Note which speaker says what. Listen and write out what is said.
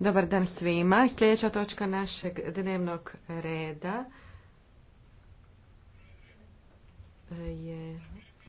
Speaker 1: Dobar
Speaker 2: dan svima. Sljedeća točka našeg dnevnog reda e, je